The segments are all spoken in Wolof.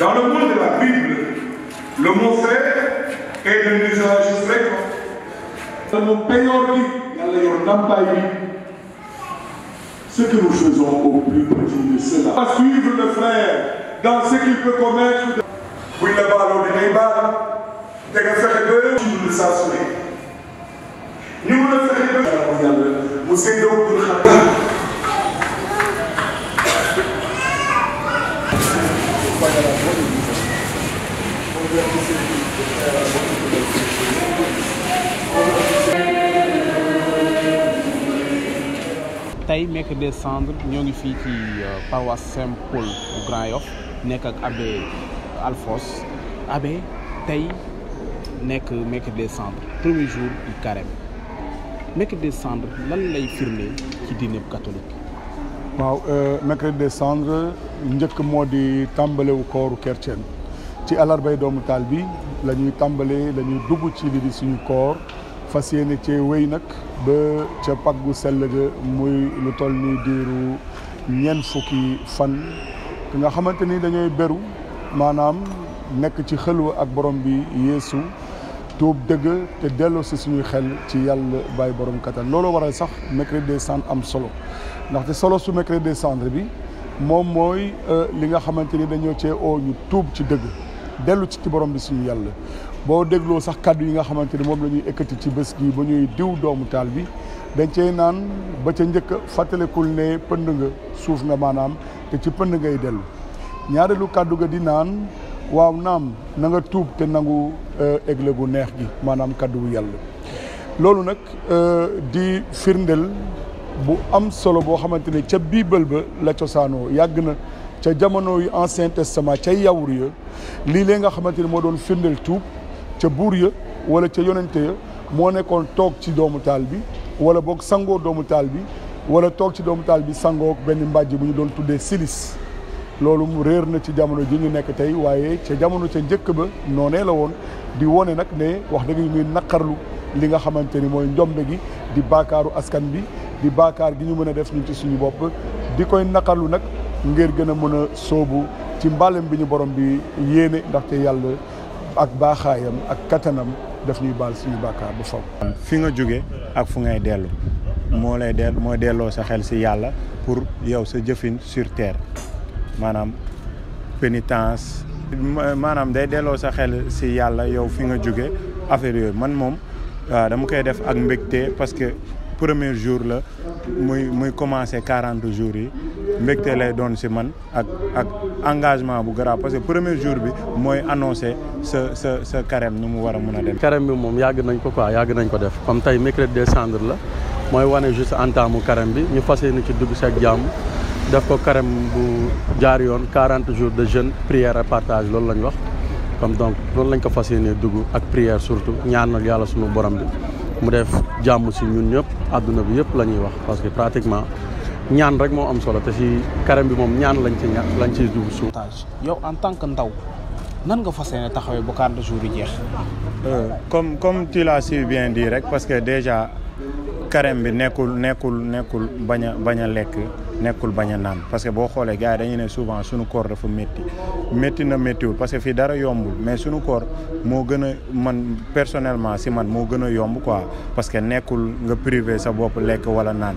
Dans le monde de la Bible, le mot frère est d'un usage fréquent. Dans ce que nous faisons au plus petit de cela. À suivre le frère dans ce qu'il peut commettre. Oui, le ballon de l'Ébal, de le frère de nous le s'assurer. Nous le ferons. de nous, c'est le tey mercredi décembre ñoo ngi fii ci euh, paroisse Saint-Paul Grand Yoff nekk ak abbé Alphonse abbé tey nekk mercredi décembre premier jour du carême mercredi décembre lan lay firnde ci diine catholique. waaw mercredi euh, décembre njëkk moo di tàmbalewu kooru kerceen ci àllarbay doomu taal bi la ñuy tàmbalee la dugg ci li di suñu koor fas yéene cee wéy nag ba ca paggu sell ga muy lu toll ni diiru ñeent fukki fan ki nga xamante ni dañooy beru maanaam nekk ci xelu ak borom bi yéesu tuub dëgg te delloo si suñuy xel ci yàlla baay borom kattan looloo waral sax mercredi des cendres am solo ndaxte solo su mercredi de cendres bi moom mooy euh, li nga xamante ni dañoo cee oo ñu tuub ci dëgg dellu ci ci borom bi suñu yàlla boo dégloo sax kàddu yi nga xamante ni moom la ñuy ekkati ci bés gi ba ñuy diw doomu taal bi dañ cey naan ba ca njëkk a fàttalikul ne pënd nga suuf nga maanaam te ci pënd ngay dellu ñaareelu kàddu ga di naan waaw naam nanga nga tuub te nangu euh, églé gu neex gi maanaam kàddu yàlla loolu nag euh, di firndel bu am solo boo xamante ne ca bël ba la cosaanoo yàgg na ca jamono yu ancien testament ca yawur ya lii lee nga xamante ni moo doon firndeel tuub ca buur ya wala ca yonente ya moo nekkoon toog ci doomu taal bi wala boog sangoor doomu taal bi wala toog ci doomu taal bi sangoog benn mbàjj bu ñu doon tuddee silis loolu mu réer na ci jamono ji ñu nekk tey waaye ca jamono ca njëkk ba noonee la woon di wone nag ne wax dëgg ñu ngi li nga xamante ni mooy njombe gi di baakaaru askan bi di baakaar gi ñu mën a def ñun ci suñu bopp di koy naqarlu nag ngir gëna mëna mën ci mbalem bi ñu borom bi yéene ndaxte yàlla ak baaxaayam ak katanam daf ñuy baal suñu bàkkaar bu fokk fi nga jóge ak fu ngay dellu moo lay dell mooy delloo sa xel si yàlla pour yow sa jëfin sur terre maanaam pénitence maanaam day delloo sa xel si yàlla yow fi nga jóge affaire yooyu man moom dama koy def ak mbégte parce que premier jour la muy muy commencé 40 jours yi mbégte lay doon si man ak ak engagement bu garaaw parce que premier jour bi mooy annoncé sa sa sa carême nu mu war a mun a dem. carême bi moom yàgg nañ ko quoi yàgg nañ ko def comme tey mercredi cendre la mooy wane juste entame carême bi ñu fas yéene ci dugg si ak jàmm def ko carême bu jaar yoon 40 jours de jeûne prière et partage loolu la ñu wax comme donc loolu lañ ko fas yéene dugg ak prière surtout ñaanal yàlla sunu borom bi mu def jàmm si ñun ñëpp àdduna bi yëpp la ñuy wax ñaan rek moo am solo te si carême bi moom ñaan lañ ci ña lañ ci dugg suuf. yow en tant que ndaw nan nga fas ne taxawee bu quart de jour yi jeex. Euh, comme comme tu l'as bien dit rek parce que déjà carême bi nekkul nekkul nekkul bañ a bañ a lekk nekkul bañ a naan parce que boo xoolee gars yi dañuy ne souvent suñu koor dafa métti métti na méttiwul parce que fii dara yombul mais suñu koor moo gën a man personnellement si man moo gën a yomb quoi parce que nekkul nga privé sa bopp lekk wala naan.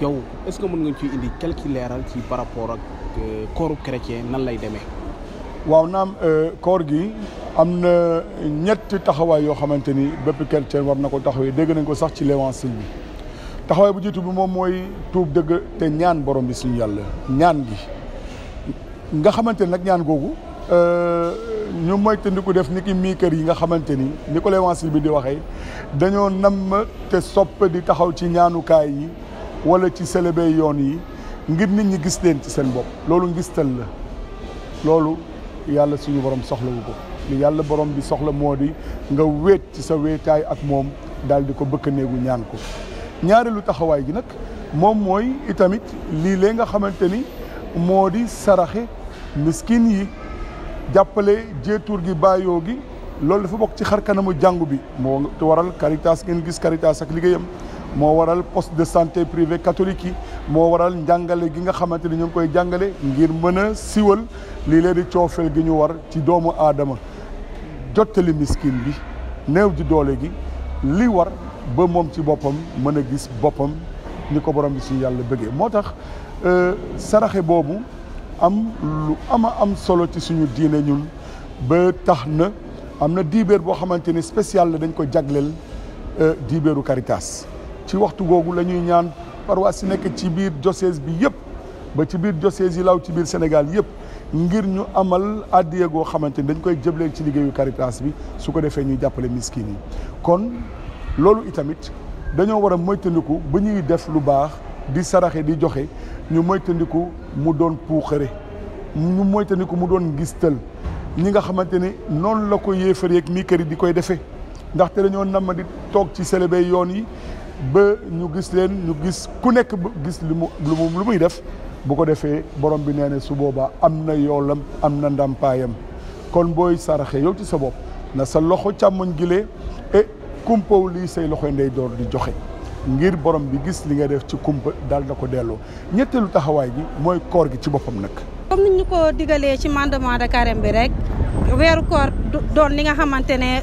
yow est-ce que mën nga ci indi quelque leeral ci par rapport ak euh, kooru chrétien nan lay demee. waaw naam euh, koor gi am na ñett taxawaay yoo xamante ni bépp chrétien war na ko taxawee dégg nañ ko sax ci l'évangile bi taxawaay bu jiitu bi moom mooy tuub dëgg te ñaan borom bi suñu yàlla ñaan gi. nga xamante ni nag ñaan googu euh, ñu ku def ni ki mii kër yi nga xamante ni ni ko l'évangile bi di waxee dañoo namm te sopp di taxaw ci ñaanukaay yi. wala ci sélébé yoon yi ngir nit ñi gis leen ci seen bopp loolu ngistal la loolu yàlla suñu borom soxlawu ko yàlla borom bi soxla moo di nga wéet ci sa wéetaay ak moom daal ko bëkk néegu ñaan ko ñaareelu taxawaay gi nag moom mooy itamit lii lee nga xamante ni moo di saraxe miskin yi jàppale jeetuur gi bàyyoo gi loolu dafa bokk ci xar kanamu jàngu bi moo waral Caritas ngeen gis Caritas ak liggéeyam moo waral poste de santé privé catholique yi moo waral njàngale gi nga xamante ni ñu ngi koy jàngale ngir mën a siwal lii leen di coofeel gi ñu war ci doomu aadama jottali miskin bi new di doole gi li war ba moom ci boppam mën a gis boppam ni ko borom bi suñu yàlla bëggee moo tax euh, saraxe boobu am lu ama am solo ci suñu diine ñun ba tax na am na diibeer boo xamante ni spécial la dañ ko jagleel euh, diibeeru Caritas ci waxtu googu la ñuy ñaan paroisse yi nekk ci biir diocèse bi yëpp ba ci biir diocèse yi law ci biir Sénégal yëpp ngir ñu amal addiya goo xamante ni dañ koy jëbleel ci liggéeyu Caritas bi su ko defee ñuy jàppale miskin yi kon loolu itamit dañoo war a moytandiku ba ñuy def lu baax di saraxe di joxe ñu moytandiku mu doon puuxare ñu moytandiku mu doon gistal ñi nga xamante ni noonu la ko yéefar yeeg mi kër di koy defee ndaxte dañoo namm di toog ci célébé yoon yi ba ñu gis leen ñu gis ku nekk gis lu mu lu muy def bu ko defee borom bi nee ne su boobaa am na yoolam am na ndàmpaayam kon booy saraxee yow ci sa bopp na sa loxo càmmoñ gilee et kumpaw lii say loxo ndey door di joxe ngir borom bi gis li nga def ci kumpa dal na ko delloo ñetteelu taxawaay bi mooy koor gi ci boppam nag. comme ni ko digalee ci mandement de carême bi rek weeru koor doon li nga xamante ne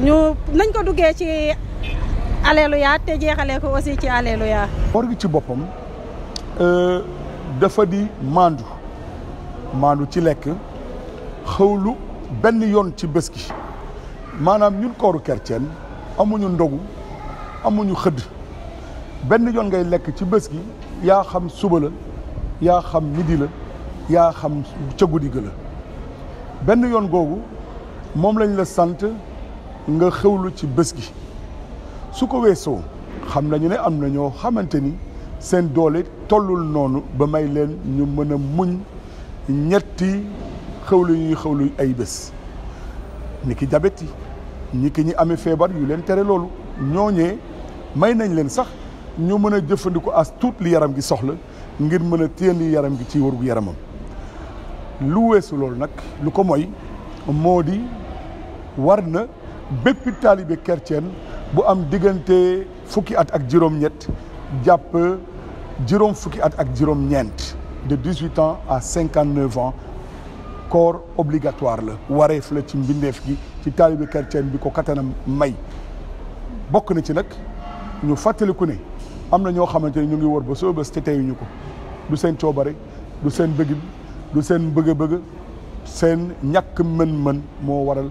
ñu nañ ko duggee ci alléluia te jeexalee ko aussi ci alléluia. koor gi ci boppam euh, dafa di maandu maandu ci lekk xawlu benn yoon ci bés maanaam ñun kooru kerceen amuñu ndogu amuñu xëdd benn yoon ngay lekk ci bés gi yaa xam subala la yaa xam midi yaa xam ca guddi benn yoon googu moom lañ la sant. nga xewlu ci bés gi su ko weesoo xam na ñu ne am na ñoo xamante ni seen doole tollul noonu ba may leen ñu mën a muñ ñetti xewlu ñuy xewlu ay bés ni ki jabet yi ñi ki ñi amee feebar yu leen tere loolu ñooñee may nañ leen sax ñu mën a jëfandiku as tuut li yaram gi soxla ngir mën a téye yaram gi ci wërgu yaramam lu weesu loolu nag lu ko mooy moo di war na bépp taalibe chrétien bu am diggante fukki at ak juróom-ñett jàpp juróom fukki at ak juróom-ñeent de dix-huit ans à cinquante-neuf ans koor obligatoire la wareef la ci mbindeef gi ci taalibe chrétien bi ko kattanam may bokk na ci nag ñu fàttaliku ne am na ñoo xamante ne ñu ngi war ba soo bés te teyuñu ko du seen coobare du seen bëgg du seen bëgg-bëgg seen ñàkk mën-mën moo waral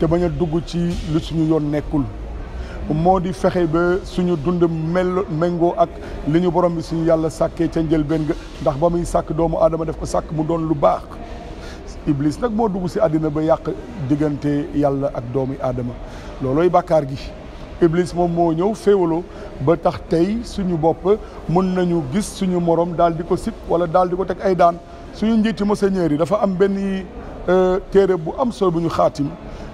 te bañ a dugg ci lu suñu yoon nekkul moo di fexe ba suñu dund mel méngoo ak li ñu borom bi suñu yàlla sàkkee ca njëlbéen ga ndax ba muy sàkk doomu aadama def ko sàkk mu doon lu baax iblis nag moo dugg si àddina ba yàq diggante yàlla ak doomu aadama loolooy bàkkaar gi iblis moom moo ñëw féewaloo ba tax tey suñu bopp mën nañu gis suñu morom daal di ko sip wala daal di ko teg ay daan suñu njiiti monseigneur yi dafa am benn euh, téere bu am solo bu ñu xaatim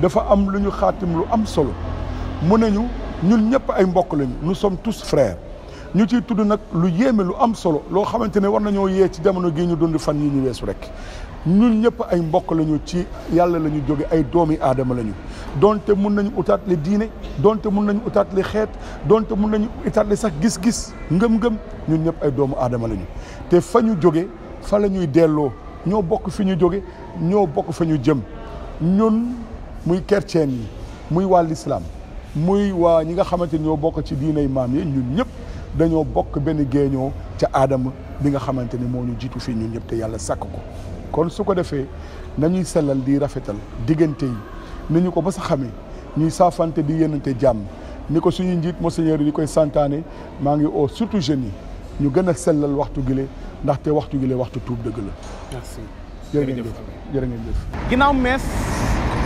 dafa am luñu ñu lu am solo mu nañu ñun ñëpp ay mbokk lañu nous sommes tous frères ñu ci tudd nak lu yéme lu am solo lo xamantene war nañu yé ci jamono gi ñu dund fan yi ñu wessu rek ñun ñëpp ay mbokk lañu ci yalla lañu joggé ay doomi aadama lañu donte mën nañu utaat le diiné donte mën nañu utaat le xéet donte mën nañu utaat le sax gis-gis ngëm-ngëm ñun ñëpp ay doomu aadama lañu té fañu joggé fa lañuy ñuy ño bokk fi ñu jóge ñoo bokk fa ñu jëm ñun muy chrétien yi muy waa lislaam muy waa ñi nga xamante ni ñoo bokk ci diinay maam yi ñun ñëpp dañoo bokk benn géeñoo ca aadama bi nga xamante ni moo ñu jiitu fii ñun ñëpp te yàlla sàkk ko kon su ko defee nañuy sellal di rafetal diggante yi ni ñu ko ba sa xame ñuy saafante di yéenante jàmm ni ko suñu njiit monseigneur yi di koy santaane maa ngi oo surtout jeunes yi ñu gën a sellal waxtu gile ndaxte waxtu gile waxtu tuub dëgg la. merci jërë